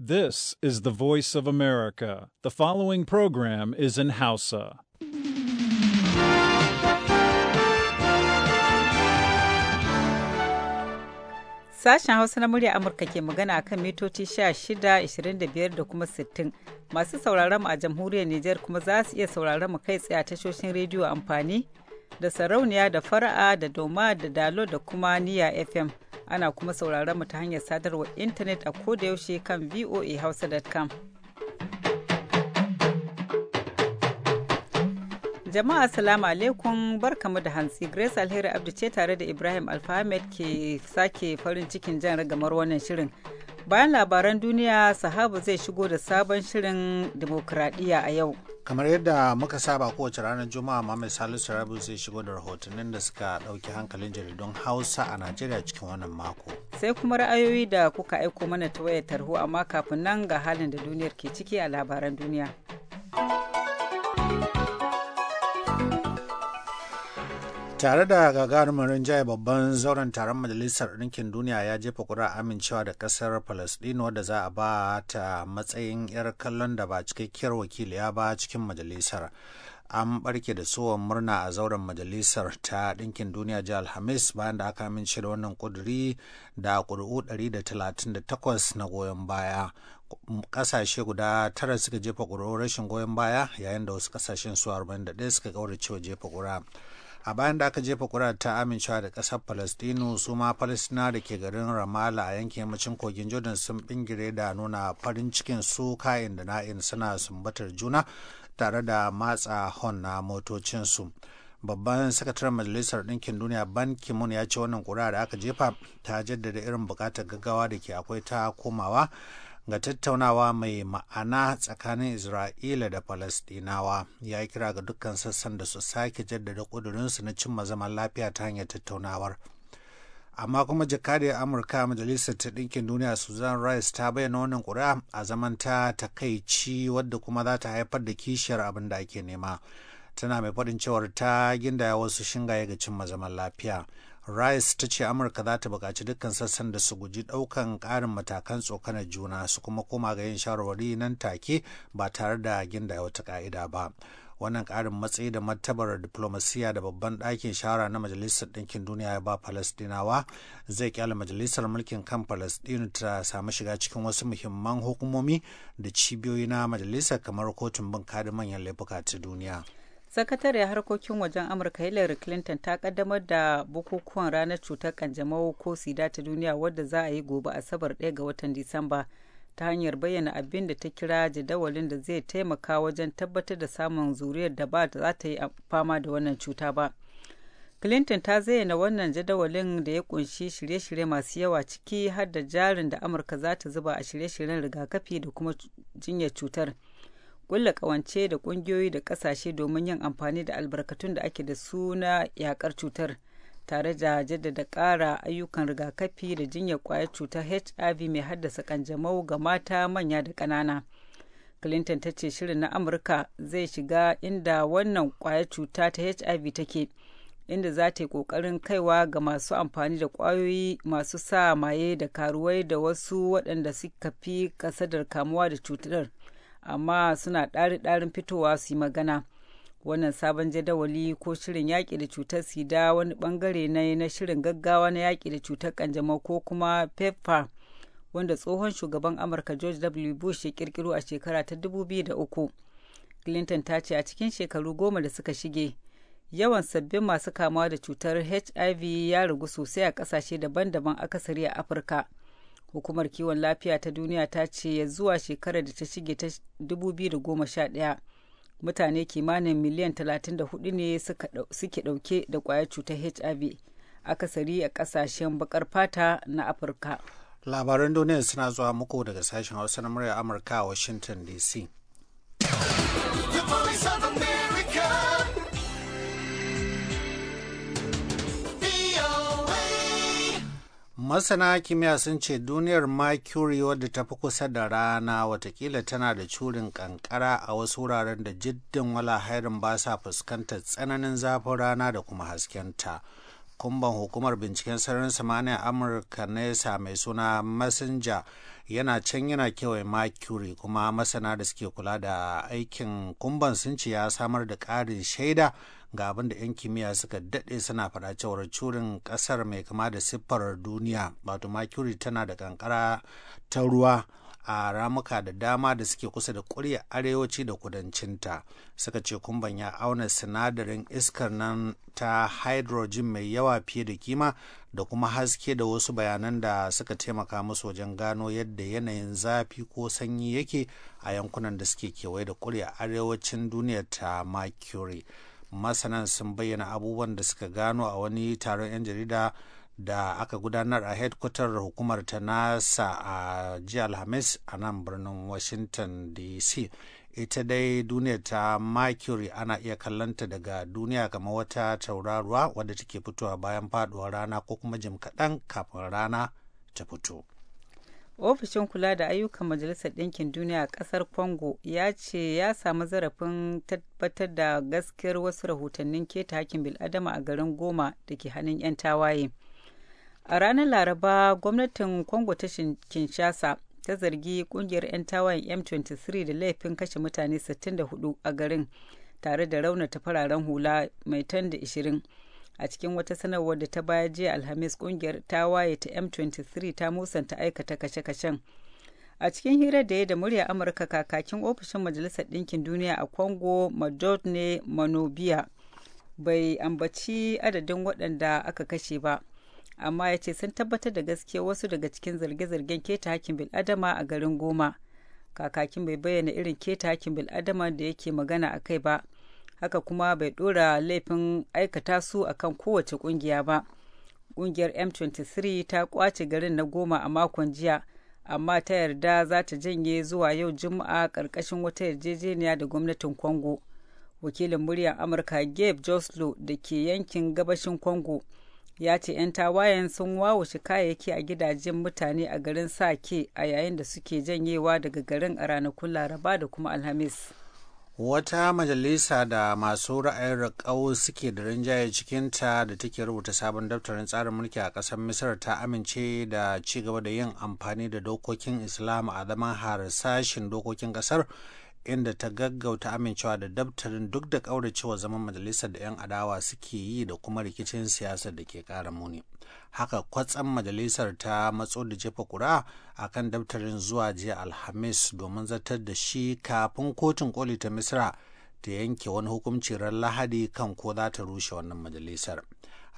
This is the voice of America. The following program is in Hausa. Sashen Hausa na murya Amurka ke magana a kan mitoci 16, 25 da kuma 60. Masu sauraron mu a jamhuriyar Nijar kuma za su iya sauraron mu kai tsaye a tashoshin rediyo amfani da sarauniya da fara'a da doma da dalo da kuma niya FM. ana kuma sauraron mu ta hanyar sadarwar intanet a yaushe kan voahausa.com. jama'a salamu alaikum barkamu da hantsi grace alheri abdu ce tare da ibrahim alfahamed ke sake farin cikin jan ragamar wannan shirin Bayan labaran duniya, sahabu zai shigo da sabon shirin demokradiyya a yau. Kamar yadda muka saba kowace ranar Juma'a Mamai Salisu Rabu zai shigo da rahotannin da suka ɗauki hankalin jaridun Hausa a Najeriya cikin wannan mako. Sai kuma ra'ayoyi da kuka aiko mana ta wayar tarho amma kafin nan ga halin da duniyar ke ciki a labaran duniya. tare da gagarumin rinjaye babban zauren taron majalisar ɗinkin duniya ya jefa kura amincewa da ƙasar palestine wadda za a ba ta matsayin 'yar kallon da ba cikakkiyar wakiliya ba cikin majalisar an barke da tsohon murna a zauren majalisar ta ɗinkin duniya ji alhamis bayan da aka amince da wannan ƙuduri da ƙuri'u 138 na goyon baya kasashe guda tara suka jefa ƙuri'u rashin goyon baya yayin da wasu ƙasashen su 41 suka wa jefa ƙuri'a a bayan da aka jefa kura ta amincewa da ƙasar palestinu su ma palestina da ke garin ramala a yankin yammacin kogin jordan sun bingire da nuna farin cikin su kayan da na'in suna sumbatar juna tare da matsa hon na motocinsu babban sakataren majalisar ɗinkin duniya ban kimun ya ce wannan kura da aka jefa ta jaddada irin buƙatar gaggawa da ke akwai ta komawa ga tattaunawa mai ma'ana tsakanin Isra'ila da Falasɗinawa ya yi kira ga dukkan sassan da su sake jaddada ƙudurinsu na cimma zaman lafiya ta hanyar tattaunawar. Amma kuma jakadiyar Amurka Majalisar ta Ɗinkin Duniya Susan Rice ta bayyana wannan ƙuri'a a zaman ta takaici wadda kuma za ta haifar da kishiyar abin da ake nema. Tana mai faɗin cewar ta gindaya wasu shingaye ga cimma zaman lafiya. Rice ta ce Amurka za ta buƙaci dukkan sassan da su guji ɗaukan ƙarin matakan tsokanar juna su kuma koma ga yin shawarwari nan take ba tare da ginda wata ƙa'ida ba. Wannan ƙarin matsayi da martabar diplomasiya da babban ɗakin shawara na Majalisar Ɗinkin Duniya ya ba Falastinawa zai kyale Majalisar Mulkin kan Falastinu ta samu shiga cikin wasu muhimman hukumomi da cibiyoyi na Majalisar kamar Kotun Bin Kadin Manyan Laifuka ta Duniya. sakatare harkokin wajen amurka hillary clinton ta kaddamar da bukukuwan ranar cutar kanjamau ko sida ta duniya wadda za a yi gobe asabar ɗaya ga watan disamba ta hanyar bayyana abin da ta kira jadawalin da zai taimaka wajen tabbatar da samun zuriyar da ba za ta yi fama da wannan cuta ba clinton ta zayyana wannan jadawalin da ya kunshi shirye-shirye masu yawa ciki har da jarin da amurka za ta zuba a shirye-shiryen rigakafi da kuma jinyar cutar. kulla kawance da kungiyoyi da kasashe domin yin amfani da albarkatun da ake da su na yakar cutar tare da jaddada ƙara ayyukan rigakafi da jinyar kwayar cutar hiv mai haddasa kanjamau ga mata manya da ƙanana clinton ta ce shirin na amurka zai shiga inda wannan kwayar cuta ta hiv take inda za ta yi ƙoƙarin kaiwa ga masu amfani da ƙwayoyi masu sa maye da karuwai da wasu waɗanda suka fi kasadar kamuwa da cutar amma suna ɗari-ɗarin fitowa su yi magana wannan sabon jadawali ko shirin yaƙi da cutar sida wani ɓangare na na shirin gaggawa na yaƙi da cutar kanjamau ko kuma pepfar wanda tsohon shugaban amurka george w bush ya kirkiro a shekara ta 2003 clinton ta ce a cikin shekaru goma da suka shige yawan sabbin masu kamuwa da cutar hiv ya ragu sosai a ƙasashe daban-daban akasari a afirka hukumar kiwon lafiya ta duniya ta ce ya zuwa shekarar da ta shige ta 2011 mutane kimanin miliyan 34 ne suke dauke da kwayar cutar hiv akasari a kasashen bakar fata na afirka labaran duniya suna zuwa muku daga sashen hausa na murya amurka a washington dc masana kimiyya sun ce duniyar mercury wadda ta fi kusa da rana watakila tana da curin kankara a wasu wuraren da jiddin wala hairin ba sa fuskantar tsananin zafin rana da kuma haskenta kumban hukumar binciken sararin samaniya amurka nesa mai suna messenger yana can yana kewaye mercury kuma masana da suke kula da aikin kumban sun ce ya samar da ƙarin shaida ga abin da 'yan kimiyya suka daɗe suna faɗa cewar curin ƙasar mai kama da siffar duniya wato mercury tana da kankara ta ruwa a ramuka da dama da suke kusa da kurya arewaci da kudancinta suka ce kumban ya auna sinadarin iskar nan ta hydrogen mai yawa fiye da kima da kuma haske da wasu bayanan da suka taimaka musu wajen gano yadda yanayin zafi ko sanyi yake a yankunan da suke kewaye da kurya arewacin duniya ta mercury masanan sun bayyana abubuwan da suka gano a wani taron 'yan jarida da aka gudanar a hedkwatar hukumar ta nasa a jiya alhamis a nan birnin washington dc ita dai duniya ta mercury ana iya kallonta daga duniya kamar wata tauraruwa wadda take fitowa bayan faduwar rana ko kuma jim kaɗan kafin rana ta fito. ofishin kula da ayyukan majalisar ɗinkin duniya a ƙasar congo ya ce ya samu zarafin tabbatar da gaskiyar wasu rahotannin keta hakin bil'adama a garin goma da ke hannun 'yan tawaye a ranar laraba gwamnatin congo ta kinshasa ta zargi ƙungiyar 'yan tawayen m23 da laifin kashe mutane 64 a garin tare da raunata fararen hula mai tan da 20 a cikin wata sanarwar da ta baya jiya alhamis kungiyar waye ta m23 ta musanta aikata kashe-kashen a cikin hira da ya da murya amurka kakakin ofishin majalisar ɗinkin duniya a congo madodne manobia bai ambaci adadin waɗanda aka kashe ba amma ya ce sun tabbatar da gaske wasu daga cikin zarge-zargen keta hakin bil'adama a garin goma kakakin bai bayyana irin keta hakin bil'adama da yake magana a kai ba haka kuma bai ɗora laifin aikata su akan kowace ƙungiya ba ƙungiyar m23 ta kwace garin na goma a makon jiya amma ta yarda za ta janye zuwa yau juma'a ƙarƙashin wata yarjejeniya da gwamnatin congo wakilin muryar amurka gabe joslo da ke yankin gabashin congo ya ce 'yan tawayen sun wawashe kayayyaki a gidajen mutane a garin sake a yayin da suke janyewa daga garin a ranakun laraba da kuma alhamis wata majalisa da masu ra'ayin rikau suke da rinjaye cikinta da take rubuta sabon daftarin tsarin mulki a ƙasar misir ta amince da ci gaba da yin amfani da dokokin islam a zaman harsashin dokokin ƙasar inda ta gaggauta amincewa da daftarin duk da kauracewa zaman majalisar da 'yan adawa suke yi da kuma rikicin siyasar da ke kara muni haka kwatsan majalisar ta matso da jefa kura a kan daftarin zuwa jiya alhamis domin zartar da shi kafin kotun koli ta misra ta yanke wani hukunci ran lahadi kan ko za ta rushe wannan majalisar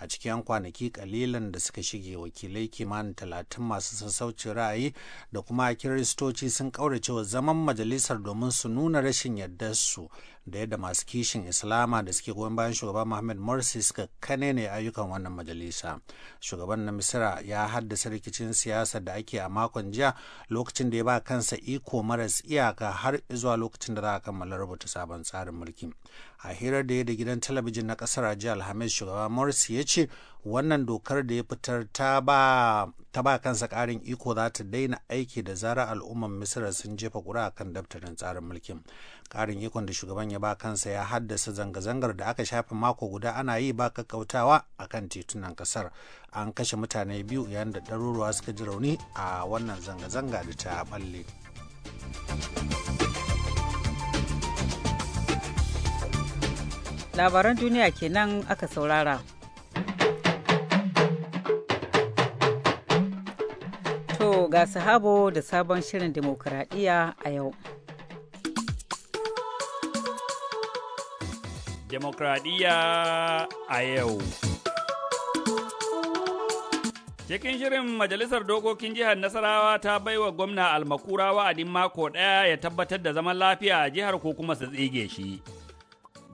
a cikin yan kwanaki kalilan da suka shige wakilai kimanin talatin masu sassaucin ra'ayi da kuma kiristoci sun wa zaman majalisar domin su nuna rashin yardarsu da yadda masu kishin islama da suke goyon bayan shugaban muhammad morsi suka kane ne ayyukan wannan majalisa shugaban na misira ya haddasa rikicin siyasar da ake a makon jiya lokacin da ya ba kansa iko maras iyaka har zuwa lokacin da za a kammala rubuta sabon tsarin mulki a hirar da ya da gidan talabijin na kasar jiya alhamis shugaban morsi ya ce wannan dokar da ya fitar ta ba ta ba kansa ƙarin iko za ta daina aiki da zara al'ummar misira sun jefa ƙuri'a kan daftarin tsarin mulkin ƙarin ikon da shugaban ya ba kansa ya haddasa zanga-zangar da aka shafe mako guda ana yi ba kakkautawa a kan titunan ƙasar an kashe mutane biyu yayin da ɗaruruwa suka ji rauni a wannan zanga-zanga da ta balle. labaran duniya kenan aka saurara. To ga sahabo da sabon shirin demokuraɗiyya a yau. Demokradiyya a yau. Cikin shirin Majalisar Dokokin Jihar Nasarawa ta baiwa gwamna almakura wa'adin mako ɗaya ya tabbatar da zaman lafiya a jihar ko kuma su tsige shi.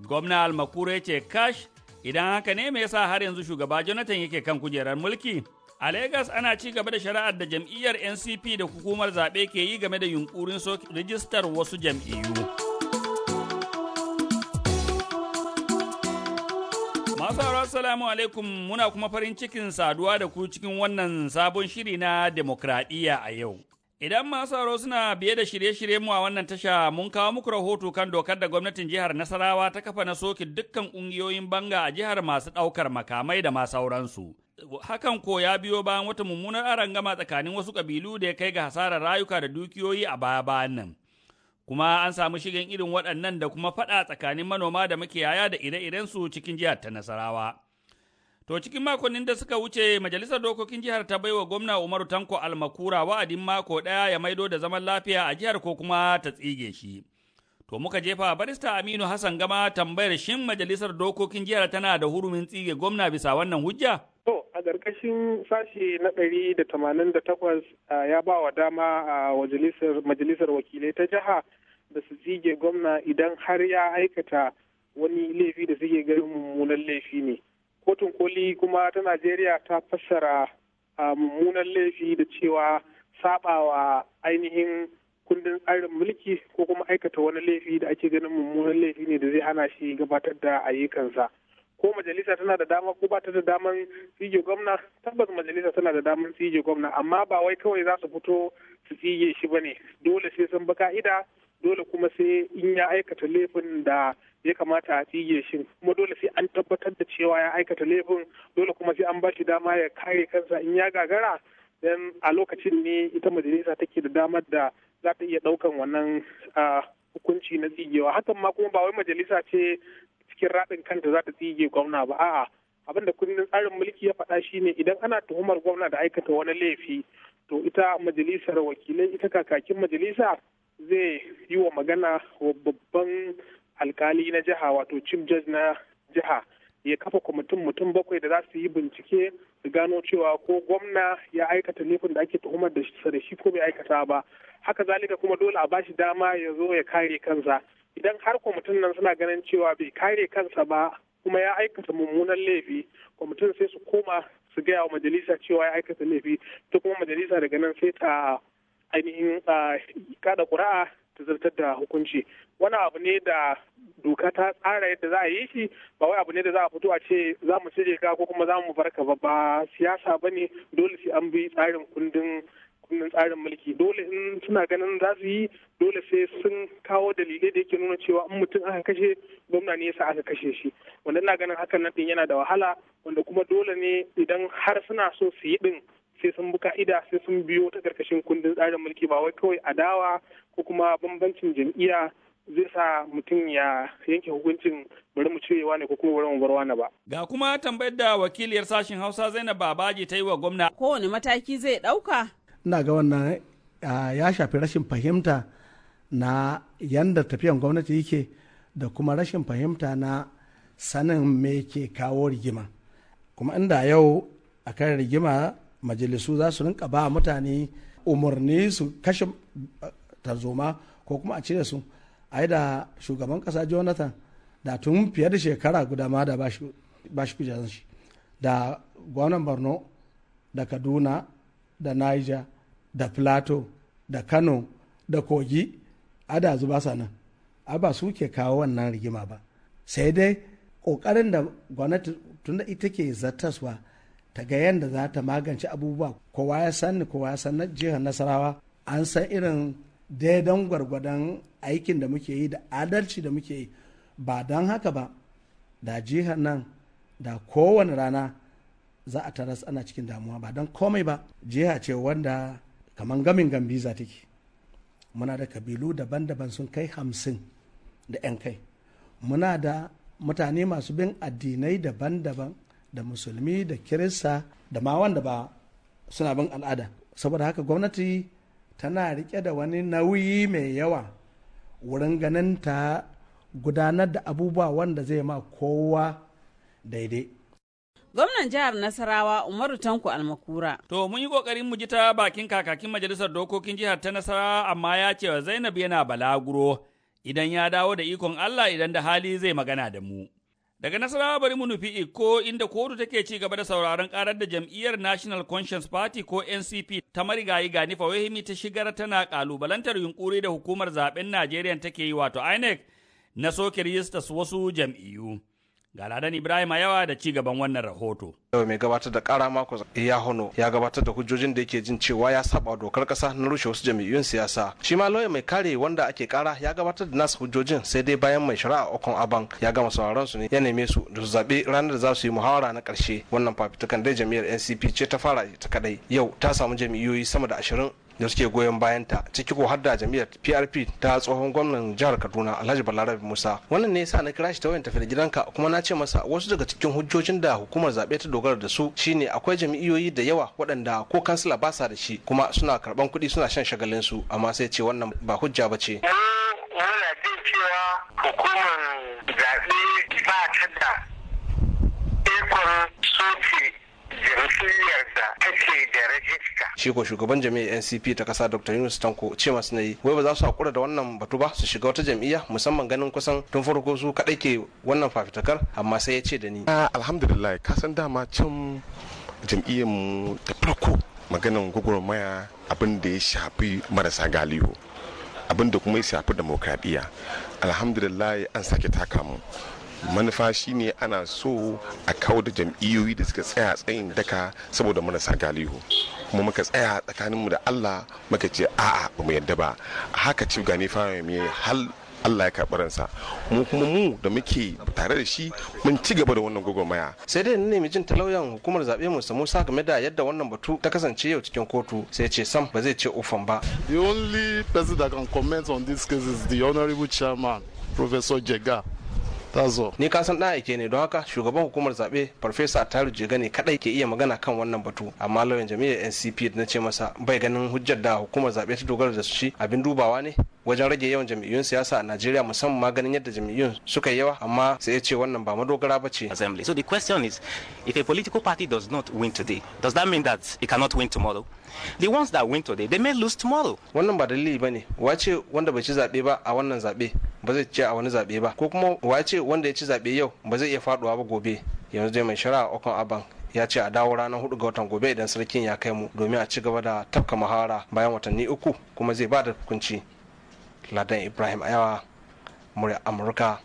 Gwamna ya ce kash Idan haka ne me yasa har yanzu shugaba Jonathan yake kan kujerar mulki? A Legas ana ci gaba da shari'ar da jam'iyyar NCP da hukumar zaɓe ke yi game da yunkurin soke rijistar wasu jam'iyyu. Masu salamu alaikum muna kuma farin cikin saduwa da ku cikin wannan sabon shiri na demokradiyya a yau. Idan masu sauraro suna biye da shirye-shirye mu a wannan tasha mun kawo muku rahoto kan dokar da gwamnatin jihar Nasarawa ta kafa na sokin dukkan ƙungiyoyin banga a jihar masu ɗaukar makamai da ma sauransu. hakan ko ya biyo bayan wata mummunar arangama tsakanin wasu kabilu da ya kai ga hasarar rayuka da dukiyoyi a baya bayan nan kuma an samu shigan irin waɗannan da kuma faɗa tsakanin manoma da makiyaya da ire-irensu cikin jihar ta nasarawa To cikin makonnin da suka wuce majalisar dokokin jihar ta baiwa gwamna Umaru Tanko Almakura wa'adin mako ɗaya ya maido da zaman lafiya a jihar ko kuma ta tsige shi. To muka jefa barista Aminu Hassan Gama tambayar shin majalisar dokokin jihar tana da hurumin tsige gwamna bisa wannan hujja? To a ƙarƙashin sashi na ɗari da tamanin da takwas ya ba wa dama a majalisar wakilai ta jiha da su tsige gwamna idan har ya aikata wani laifi da suke ganin mummunan laifi ne. kotun koli kuma ta najeriya ta fassara mummunan laifi da cewa sabawa ainihin kundin tsarin mulki ko kuma aikata wani laifi da ake ganin mummunan laifi ne da zai hana shi gabatar da ayyukansa ko majalisa tana da dama ko ba da daman tsige gwamna tabbas majalisa tana da daman tsige gwamna amma ba wai kawai za su fito su tsige shi ba ne dole sai sun bi ka'ida dole kuma sai in ya aikata laifin da ya kamata a tsige shi kuma dole sai an tabbatar da cewa ya aikata laifin dole kuma sai an ba shi dama ya kare kansa in ya gagara dan a lokacin ne ita majalisa take da damar da za ta iya daukan wannan hukunci na tsigewa hakan ma kuma ba wai majalisa ce cikin raɗin kanta za ta tsige gwamna ba a'a abin da kundin tsarin mulki ya faɗa shine idan ana tuhumar gwamna da aikata wani laifi to ita majalisar wakilai ita kakakin majalisa zai yi wa magana wa babban alkali na jiha wato chief judge na jiha ya kafa kwamitin mutum bakwai da za su yi bincike su gano cewa ko gwamna ya aikata laifin da ake tuhumar da shi ko bai aikata ba haka zalika kuma dole a bashi dama ya zo ya kare kansa idan har kwamitin nan suna ganin cewa bai kare kansa ba kuma ya aikata mummunan laifi kwamitin sai su koma su gaya wa majalisa cewa ya aikata laifi ta kuma majalisa daga nan sai ta ainihin kada ƙuri'a ta zartar da hukunci wani abu ne da doka ta tsara yadda za a yi shi ba wai abu ne da za a fito a ce za mu cire ka ko kuma za mu barka ba ba siyasa ba ne dole sai an bi tsarin kundin kundin tsarin mulki dole in suna ganin za su yi dole sai sun kawo dalilai da yake nuna cewa in mutum aka kashe gwamna ne yasa aka kashe shi wanda ina ganin hakan nan din yana da wahala wanda kuma dole ne idan har suna so su yi din sai sun bi ka'ida sai sun biyo ta karkashin kundin tsarin mulki ba wai kawai adawa ko kuma bambancin jam'iyya zai sa mutum ya yanke hukuncin bari mu cirewa ne ko kuma bari mu bar wani ba. Ga kuma tambayar da wakiliyar sashen Hausa Zainab Babaji ta yi wa gwamna. Kowane mataki zai ɗauka? Ina ga wannan ya shafi rashin fahimta na yanda tafiyan gwamnati yake da kuma rashin fahimta na sanin me ke kawo rigima. Kuma inda yau akan rigima majalisu za su rinka ba mutane umarni su kashe uh, tarzoma ko kuma a cire su ai da shugaban kasa jonathan da tun fiye da shekara guda ma da ba shi kujerar shi da gwamnan borno da kaduna da niger da plateau da kano da kogi adazu da zuba nan a ba su ke kawo wannan rigima ba sai dai ƙoƙarin da gwamnati tunda ita ke zartaswa ta ga yadda za ta magance abubuwa kowa ya san kowa ya san jihar nasarawa an san irin daidan gwargwadon aikin da muke yi da adalci da muke yi ba don haka ba da jihar nan da kowane rana za a taras ana cikin damuwa ba don komai ba jiha ce wanda kamar gamin gambiza take muna da kabilu daban-daban sun kai hamsin da 'yan kai muna da mutane masu bin addinai daban-daban da musulmi da kirista da ma wanda ba suna bin al'ada saboda haka gwamnati tana rike da wani nauyi mai yawa wurin ganin ta gudanar da abubuwa wanda zai ma kowa daidai gwamnan jihar nasarawa umaru tanko almakura to mun yi kokarin mu ji ta bakin kakakin majalisar dokokin jihar ta nasarawa amma ya ce wa zainab yana balaguro idan ya dawo da ikon allah idan da hali zai magana da mu Daga Nasarawa bari mu nufi ko inda kotu take ci gaba da sauraron karar da jam'iyyar National Conscience Party ko NCP ta marigayi Gani wahimi ta shigar tana kalubalantar yunkuri da hukumar zaben Najeriya take yi wato INEC na soke rijistas wasu jam'iyyu. Ga Ladan Ibrahim yawa da ci gaban wannan rahoto. Yau mai gabatar da kara mako ya hono ya gabatar da hujjojin da yake jin cewa ya saba dokar kasa na rushe wasu jami'un siyasa. Shi ma lauya mai kare wanda ake kara ya gabatar da nasu hujjojin sai dai bayan mai shari'a Okon Aban ya gama sauraron su ne ya neme su da su zabe ranar da za su yi muhawara na karshe. Wannan fafitukan dai jami'ar NCP ce ta fara ta kadai. Yau ta samu jami'oyi sama da ashirin da suke goyon bayanta ciki ko har da jami'ar PRP ta tsohon gwamnan jihar Kaduna Alhaji Balarabe Musa wannan ne yasa na kira shi ta wayan tafi gidanka kuma na ce masa wasu daga cikin hujjojin da hukumar zabe ta dogara da su shine akwai jami'iyoyi da yawa waɗanda ko kansila ba sa da shi kuma suna karban kuɗi suna shan shagalin su amma sai ce wannan ba hujja ba ce muna jin cewa hukumar zaɓe ba ta da ikon soke Shi ko shugaban jami'a NCP ta kasa Dr. Yunus Tanko ce masu nayi wai ba za su hakura da wannan batu ba su shiga wata jam'iyya musamman ganin kusan tun farko su kaɗai ke wannan fafitakar amma sai ya ce da ni. Alhamdulillah ka san dama can jam'iyyar mu da farko maganan gwagwarmaya abin da ya shafi marasa galihu abin da kuma ya shafi demokradiyya alhamdulillah an sake taka mu manufa shine ana so a kawo da jam'iyyoyi da suka tsaya tsayin daka saboda marasa galihu kuma muka tsaya tsakaninmu da allah muka ce a'a ba mu yadda ba haka ci gane fara mai hal Allah ya karɓi ransa mu kuma mu da muke tare da shi mun ci gaba da wannan gwagwarmaya sai dai nemi jin talauyan hukumar zaɓe Musa Musa game da yadda wannan batu ta kasance yau cikin kotu sai ce sam ba zai ce ufan ba the only person that can comment on this case is the honorable chairman professor Jega ta zo ni ka san dan aike ne don haka shugaban hukumar zaɓe farfesa attaru jega ne kadai ke iya magana kan wannan batu amma lauyan jami'ar ncp na ce masa bai ganin hujjar da hukumar zaɓe ta dogara da su shi abin dubawa ne wajen rage yawan jami'un siyasa a Najeriya musamman ma ganin yadda jami'un suka yi yawa amma sai ya ce wannan ba madogara ba ce. So the question is if a political party does not win today does that mean that it cannot win tomorrow? the ones that win today they may lose tomorrow wannan ba dalili bane wace wanda bai ci zabe ba a wannan zabe ba zai ci a wani zabe ba ko kuma wace wanda ya ci zabe yau ba zai iya faduwa ba gobe yanzu dai mai shari'a okon aban ya ce a dawo ranar hudu ga watan gobe idan sarkin ya kai mu domin a ci gaba da tafka muhawara bayan watanni uku kuma zai ba da hukunci ladan ibrahim ayawa murya amurka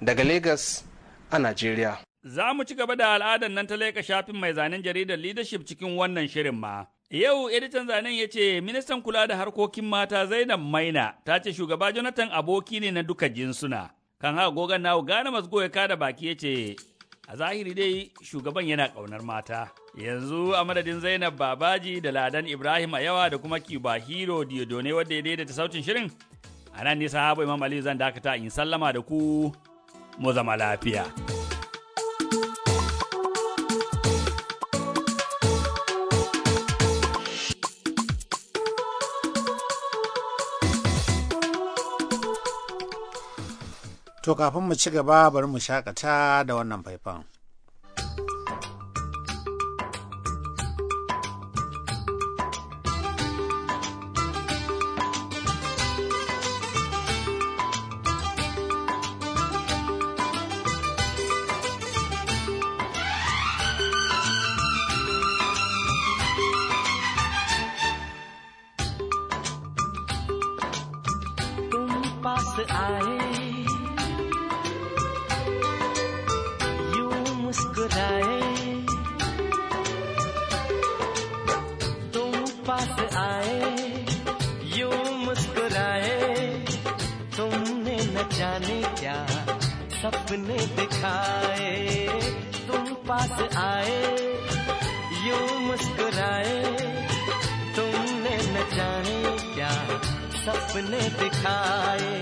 daga lagos a nigeria. za mu ci gaba da al'adar nan ta leka shafin mai zanen jaridar leadership cikin wannan shirin ma Yau editan zanen ya ce ministan kula da harkokin mata Zainab Maina ta ce shugaba Jonathan aboki ne na duka jinsuna. Kan haka gogon na gane masu ya kada baki ya ce a zahiri dai shugaban yana ƙaunar mata. Yanzu a madadin Zainab Babaji da Ladan Ibrahim a yawa da kuma Kiba Hero Diodone wadda ya daidaita sautin shirin. A nan nisa habu Imam Ali zan dakata in sallama da ku mu zama lafiya. To kafin mu ci gaba bari mu shakata da wannan faifan. उठाए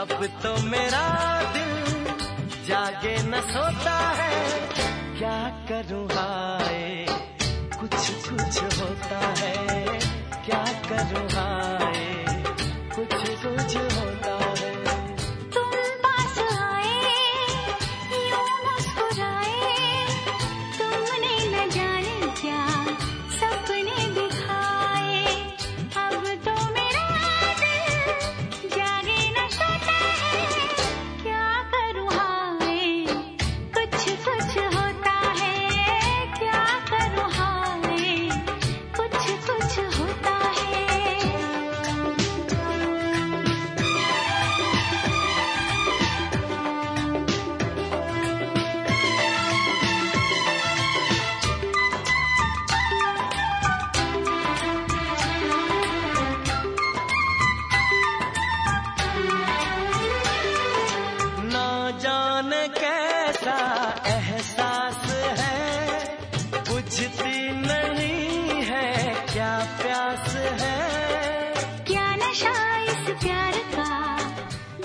अब तो मेरा दिल जागे न सोता है क्या करूँ हाय कुछ कुछ होता है क्या करूँ हाय कुछ कुछ होता है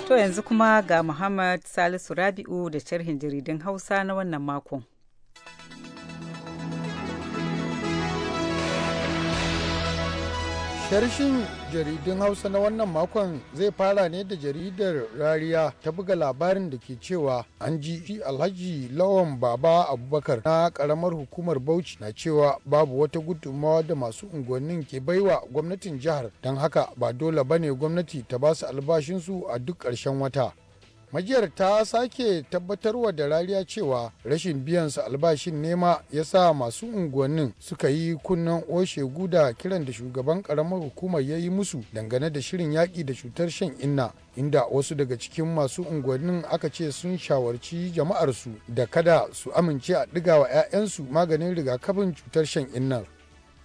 To yanzu kuma ga Muhammad Salisu Rabi'u da sharhin jaridun Hausa na wannan makon. Sharshin jaridun Hausa na wannan makon zai fara ne da jaridar Rariya ta buga labarin da ke cewa an ji Alhaji Lawan Baba Abubakar na karamar hukumar Bauchi na cewa babu wata gudunmawa da masu unguwannin ke baiwa gwamnatin jihar don haka ba dole bane gwamnati ta basu albashinsu a duk ƙarshen wata. majiyar ta sake tabbatarwa da rariya cewa rashin biyan su albashin nema ya sa masu unguwannin suka yi kunnen oshe guda kiran da shugaban karamar hukumar ya yi musu dangane da shirin yaƙi da cutar shan inna inda wasu daga cikin masu unguwannin aka ce sun shawarci jama'arsu da kada su amince a ɗiga wa 'ya'yansu maganin rigakafin cutar shan innar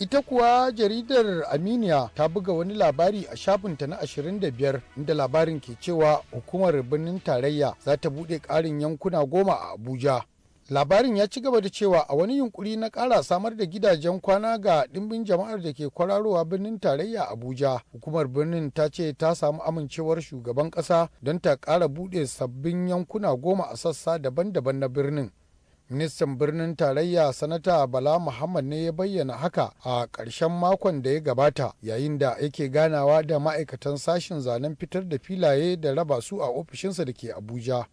ita kuwa jaridar aminiya ta buga wani labari a shafinta na 25 inda labarin ke cewa hukumar birnin tarayya za ta bude karin yankuna goma a abuja labarin ya ci gaba da cewa a wani yunkuri na kara samar da gidajen kwana ga dimbin jama'ar da ke kwararowa birnin tarayya abuja hukumar birnin ta ce ta samu amincewar shugaban kasa don ta kara bude sabbin yankuna goma a sassa daban-daban na birnin ministan birnin tarayya sanata bala muhammad ne ya bayyana haka a ƙarshen makon da ya gabata yayin da yake ganawa da ma'aikatan sashen zanen fitar da filaye da raba su a ofishinsa da ke abuja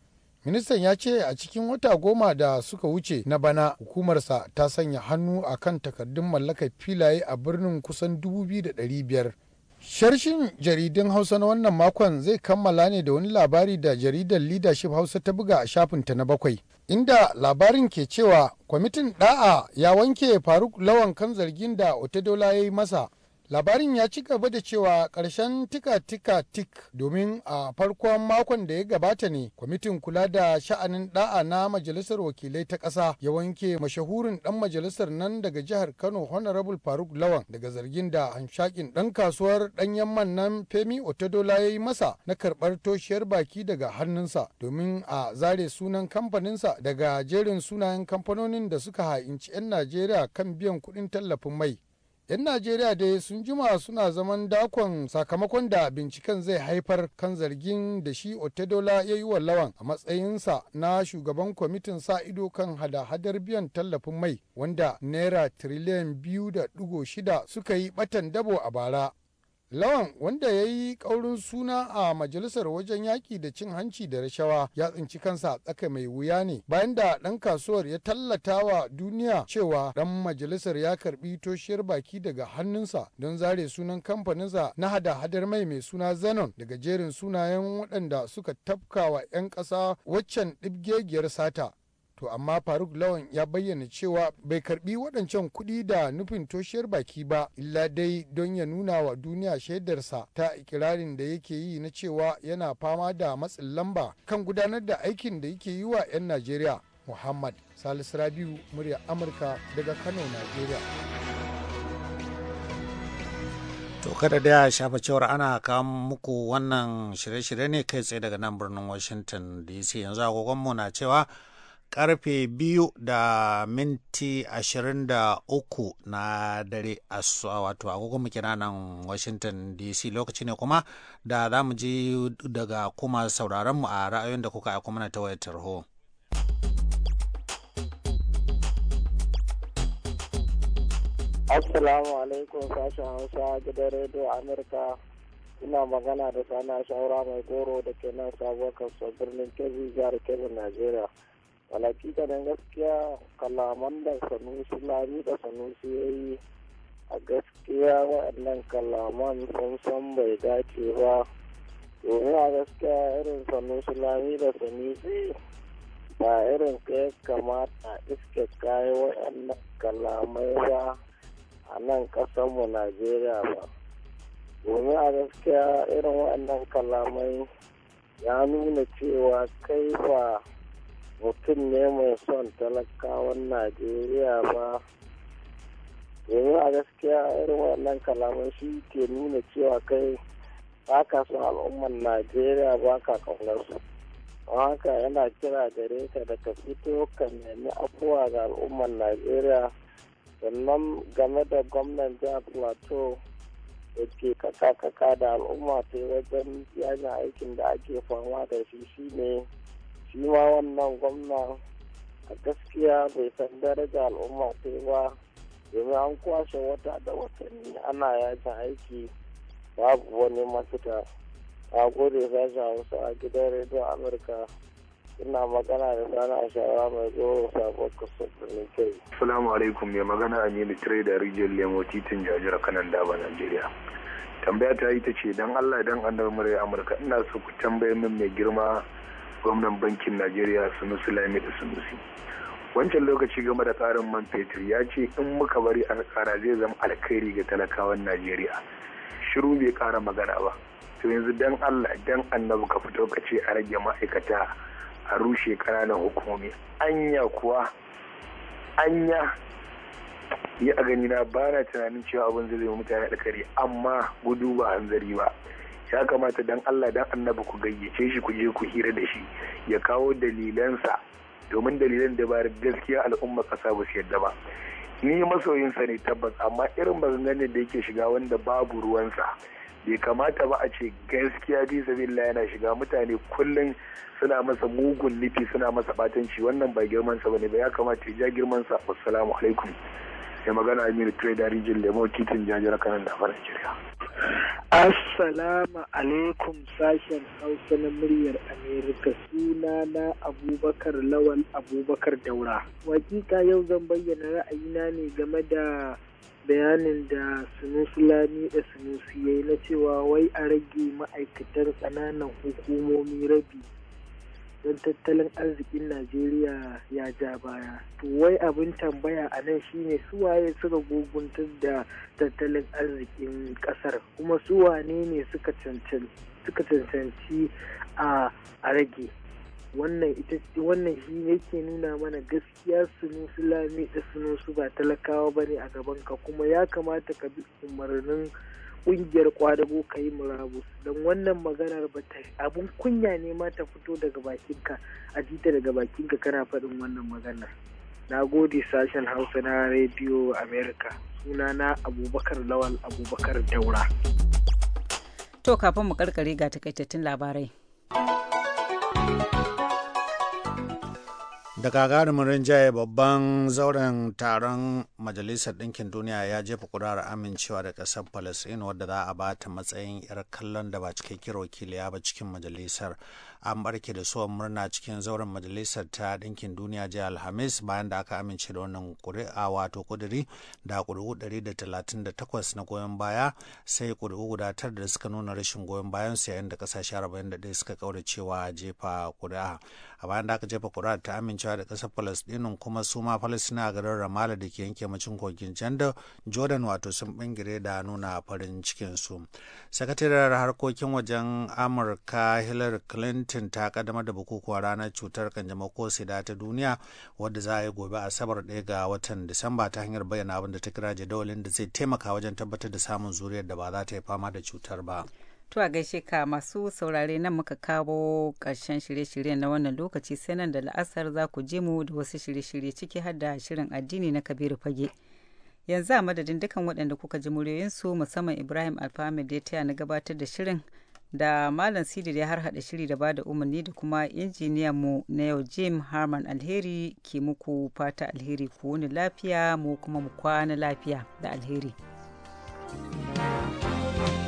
ministan ya ce a cikin wata goma da suka wuce na bana hukumarsa ta sanya hannu a kan takardun mallakar filaye a birnin kusan 2,500 sharshin jaridun hausa na wannan makon zai kammala ne da wani labari da jaridar leadership hausa ta buga a shafinta na bakwai inda labarin ke cewa kwamitin ɗa'a ya wanke faruk lawan kan zargin da otedola ya yi masa labarin ya ci gaba da cewa ƙarshen tika-tika tik domin a farkon makon da ya gabata ne kwamitin kula da sha'anin da'a na majalisar wakilai ta ƙasa ya wanke mashahurin ɗan majalisar nan daga jihar kano honorable faruk lawan daga zargin da hanshakin ɗan kasuwar ɗanyen man nan femi otadola ya yi masa na karɓar toshiyar baki daga hannunsa domin a zare sunan kamfaninsa daga jerin sunayen kamfanonin da suka ha'inci 'yan najeriya kan biyan kuɗin tallafin mai 'yan najeriya dai sun jima suna zaman dakon sakamakon da binciken zai haifar kan zargin da shi otedola ya yi wa lawan a matsayinsa na shugaban kwamitin sa ido kan hada-hadar biyan tallafin mai wanda naira tiriliyan biyu da dugo shida suka yi batan dabo a bara Lawan wanda ya yi ƙaurin suna a majalisar wajen yaƙi da cin hanci da rashawa ya tsinci kansa tsaka mai wuya ne bayan da ɗan kasuwar ya tallata wa duniya cewa ɗan majalisar ya karɓi toshiyar baki daga hannunsa don zare sunan kamfaninsa na hada-hadar mai mai suna zanon daga jerin sunayen waɗanda suka tafka wa 'yan ƙasa waccan ɗibgegiyar sata. to amma faruk lawan ya bayyana cewa bai karbi waɗancan kuɗi da nufin toshiyar baki ba illa dai don ya nuna wa duniya shaidarsa ta ikirarin da yake yi na cewa yana fama da matsin lamba kan gudanar da aikin da yake yi wa 'yan najeriya muhammad salisu rabiu murya amurka daga kano najeriya To kada da shafa cewar ana kawo muku wannan shirye-shirye ne kai tsaye daga nan birnin Washington DC yanzu agogonmu na cewa karfe biyu da minti ashirin da uku na dare a wato agogo muke nan washington dc lokaci ne kuma da za mu ji daga kuma sauraronmu a ra'ayoyin da kuka kuma mana ta wayar tarho. Assalamu alaikum sashen Hausa gidan Radio Amurka. Ina magana da sana shaura mai goro da ke nan sabuwar kasuwar birnin Kebbi jihar Kebbi Najeriya. walaki ganin gaskiya kalaman da sanusi lari da sanusi ya yi a gaskiya waɗannan kalaman sun san bai dace ba domin a gaskiya irin sanusi lari da sanusi ba irin kai kamata iske kayi waɗannan kalamai ba a nan mu najeriya ba domin a gaskiya irin waɗannan kalamai ya nuna cewa kai ba mutum ne mai son talakawan najeriya ba yanzu a gaskiya irin wannan kalaman shi ke nuna cewa kai baka ka son al'ummar najeriya ba ka su. don haka yana kira gare ka da ka fito ka nemi abuwa ga al'ummar najeriya sannan game da gwamnan jihar plateau da ke kaka-kaka da al'umma ta wajen yajin aikin da ake fama da shi shine shi ma wannan gwamna a gaskiya bai san daraja al'umma ta ba domin an kwashe wata da watanni ana yajin aiki babu wani mafita a gode sashen hausa a gidan rediyon amurka ina magana da sana a shara mai goro sabo kusur da kai. Salamu alaikum mai magana Aminu Tire da Rijiyar Lemo titin jajira kanan daba nigeria Tambaya ta ita ce don Allah don annabi murai Amurka ina so ku tambaya min mai girma gwamnan bankin najeriya sunusi lami da sunusi wancan lokaci game da tsarin man fetur ya ce in muka bari a kara zai zama alkhairi ga talakawan najeriya shiru bai kara magana ba to yanzu dan allah dan Annabu, ka fito ka ce a rage ma'aikata a rushe kananan hukumomi anya kuwa anya yi a gani na ba na tunanin cewa abin zai zai mutane alkhairi amma gudu ba hanzari ba ya kamata dan Allah dan annabi ku gayyace shi ku je ku hira da shi ya kawo dalilansa domin dalilan da ba gaskiya al'umma kasa ba su yadda ba ni masoyinsa ne tabbas amma irin maganganun da yake shiga wanda babu ruwansa bai kamata ba a ce gaskiya bi sabilla yana shiga mutane kullum suna masa mugun nufi suna masa batanci wannan ba girmansa bane ba ya kamata ya ja girmansa assalamu alaikum ya magana aminu trader Region lemo titin jajar kanan da fara Najeriya. Assalamu alaikum sashen Hausa na muryar Amerika suna na Abubakar Lawal Abubakar Daura. Wakika yau zan bayyana ra'ayina ne game da bayanin da Sunusi Lami da Sunis ya na cewa wai a rage ma'aikatan ƙananan hukumomi rabi don tattalin arzikin najeriya ya ja baya to wai abin tambaya a nan shine suwaye suka guguntar da tattalin arzikin kasar kuma suwane ne suka cancanci a rage wannan ita wannan shi yake nuna mana gaskiya sunu su lami da sunu su ba talakawa bane a gaban ka kuma ya kamata ka bi umarnin kungiyar kwadago ka yi murabus don wannan maganar ba ta abun kunya ne ma ta fito daga bakinka a jita daga bakinka kana faɗin wannan maganar na gode sashen hausa na rediyo america sunana abubakar lawal abubakar daura to kafin mu karkare ga takaitattun labarai da gagarumin rinjaye babban zauren taron majalisar Dinkin duniya ya jefa kudarar amincewa da ƙasar palestine wadda za a bata matsayin 'yar kallon da ba cikakkiyar wakiliya ba cikin majalisar an barke da suwan murna cikin zauren majalisar ta ɗinkin duniya jiya alhamis bayan da aka amince da wannan kuri'a wato kuduri da kuri'u 138 na goyon baya sai ƙuri'u guda da suka nuna rashin goyon bayan su yayin da ƙasashe 41 suka kaura cewa jefa kuri'a a bayan da aka jefa kura ta amincewa da ƙasar palestinian kuma su ma palestina a garin ramala da ke yanke macin kogin janda jordan wato sun bingire da nuna farin cikin su sakatariyar harkokin wajen amurka hillary clinton ta kaddamar da bukukuwa ranar cutar kanjamau ko sida ta duniya wadda za a yi gobe asabar ɗaya ga watan disamba ta hanyar bayyana abin da ta kira jadawalin da zai taimaka wajen tabbatar da samun zuriyar da ba za ta yi fama da cutar ba. To a gaishe ka masu saurare nan muka kawo ƙarshen shirye-shirye na wannan lokaci sai nan da la'asar za ku je mu da wasu shirye-shirye ciki har da shirin addini na Kabiru Fage. Yanzu a madadin dukkan waɗanda kuka ji muryoyinsu musamman Ibrahim Alfahamid da ya taya na gabatar da shirin da Malam Sidi da ya har haɗa shiri da ba da umarni da kuma injiniyan mu na yau Jim Harman Alheri ke muku fata alheri ku wani lafiya mu kuma mu kwana lafiya da alheri. thank you